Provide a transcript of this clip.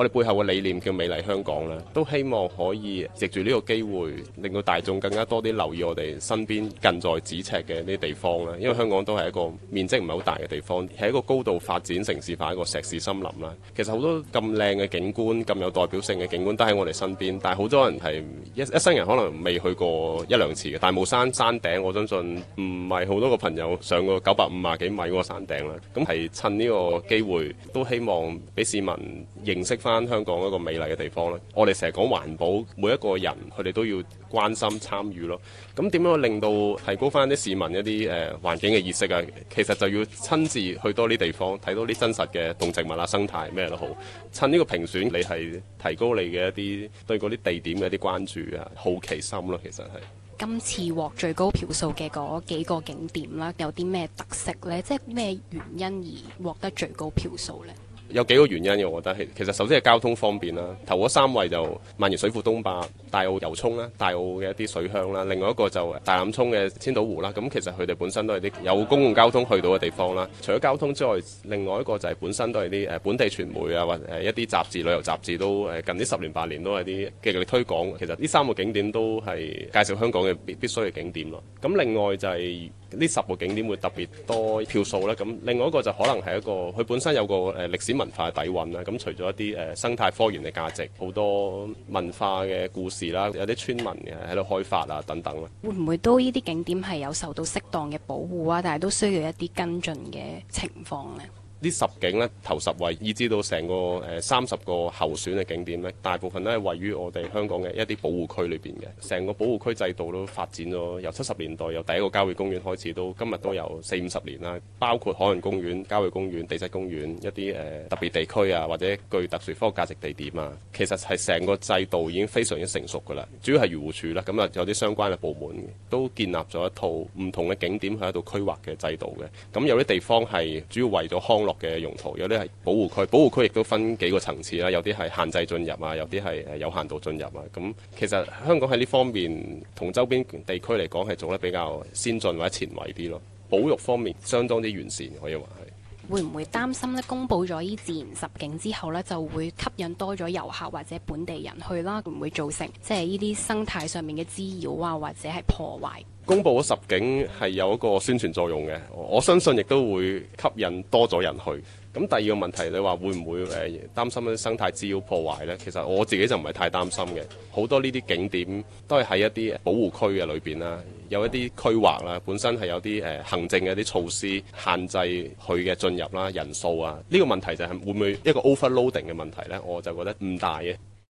我哋背後嘅理念叫美麗香港啦，都希望可以藉住呢個機會，令到大眾更加多啲留意我哋身邊近在咫尺嘅呢啲地方啦。因為香港都係一個面積唔係好大嘅地方，係一個高度發展城市化一個石屎森林啦。其實好多咁靚嘅景觀、咁有代表性嘅景觀都喺我哋身邊，但係好多人係一一生人可能未去過一兩次嘅。大帽山山頂，我相信唔係好多個朋友上過九百五十幾米個山頂啦。咁係趁呢個機會，都希望俾市民認識翻翻香港一個美麗嘅地方咧，我哋成日講環保，每一個人佢哋都要關心參與咯。咁點樣令到提高翻啲市民一啲誒、呃、環境嘅意識啊？其實就要親自去多啲地方，睇多啲真實嘅動植物啊、生態咩都好。趁呢個評選，你係提高你嘅一啲對嗰啲地點嘅一啲關注啊、好奇心咯。其實係今次獲最高票數嘅嗰幾個景點啦，有啲咩特色咧？即係咩原因而獲得最高票數咧？有幾個原因嘅，我覺得其實首先係交通方便啦。頭嗰三位就萬宜水庫東壩、大澳遊涌啦、大澳嘅一啲水鄉啦，另外一個就大欖涌嘅千島湖啦。咁其實佢哋本身都係啲有公共交通去到嘅地方啦。除咗交通之外，另外一個就係本身都係啲誒本地傳媒啊，或者一啲雜誌、旅遊雜誌都誒近呢十年八年都係啲極力推廣。其實呢三個景點都係介紹香港嘅必必須嘅景點咯。咁另外就係、是。呢十個景點會特別多票數啦。咁另外一個就可能係一個佢本身有個誒歷史文化嘅底蘊啦。咁除咗一啲誒生態科研嘅價值，好多文化嘅故事啦，有啲村民嘅喺度開發啦等等啦。會唔會都呢啲景點係有受到適當嘅保護啊？但係都需要一啲跟進嘅情況呢。呢十景呢，頭十位，以至到成個誒三十個候選嘅景點咧，大部分都係位於我哋香港嘅一啲保護區裏邊嘅。成個保護區制度都發展咗，由七十年代由第一個郊野公園開始，到今日都有四五十年啦。包括海洋公園、郊野公園、地質公園一啲誒特別地區啊，或者具特殊科學價值地點啊，其實係成個制度已經非常之成熟噶啦。主要係漁護署啦，咁啊有啲相關嘅部門都建立咗一套唔同嘅景點喺度規劃嘅制度嘅。咁有啲地方係主要為咗康嘅用途，有啲係保護區，保護區亦都分幾個層次啦。有啲係限制進入啊，有啲係誒有限度進入啊。咁、嗯、其實香港喺呢方面同周邊地區嚟講，係做得比較先進或者前衛啲咯。保育方面相當之完善，可以話係。會唔會擔心咧？公佈咗依自然十景之後咧，就會吸引多咗遊客或者本地人去啦。會唔會造成即係呢啲生態上面嘅滋擾啊，或者係破壞？公佈咗十景係有一個宣傳作用嘅，我相信亦都會吸引多咗人去。咁第二個問題，你話會唔會誒擔心啲生態滋擾破壞咧？其實我自己就唔係太擔心嘅。好多呢啲景點都係喺一啲保護區嘅裏邊啦，有一啲規劃啦，本身係有啲誒、呃、行政嘅啲措施限制佢嘅進入啦，人數啊，呢、這個問題就係會唔會一個 overloading 嘅問題呢？我就覺得唔大嘅。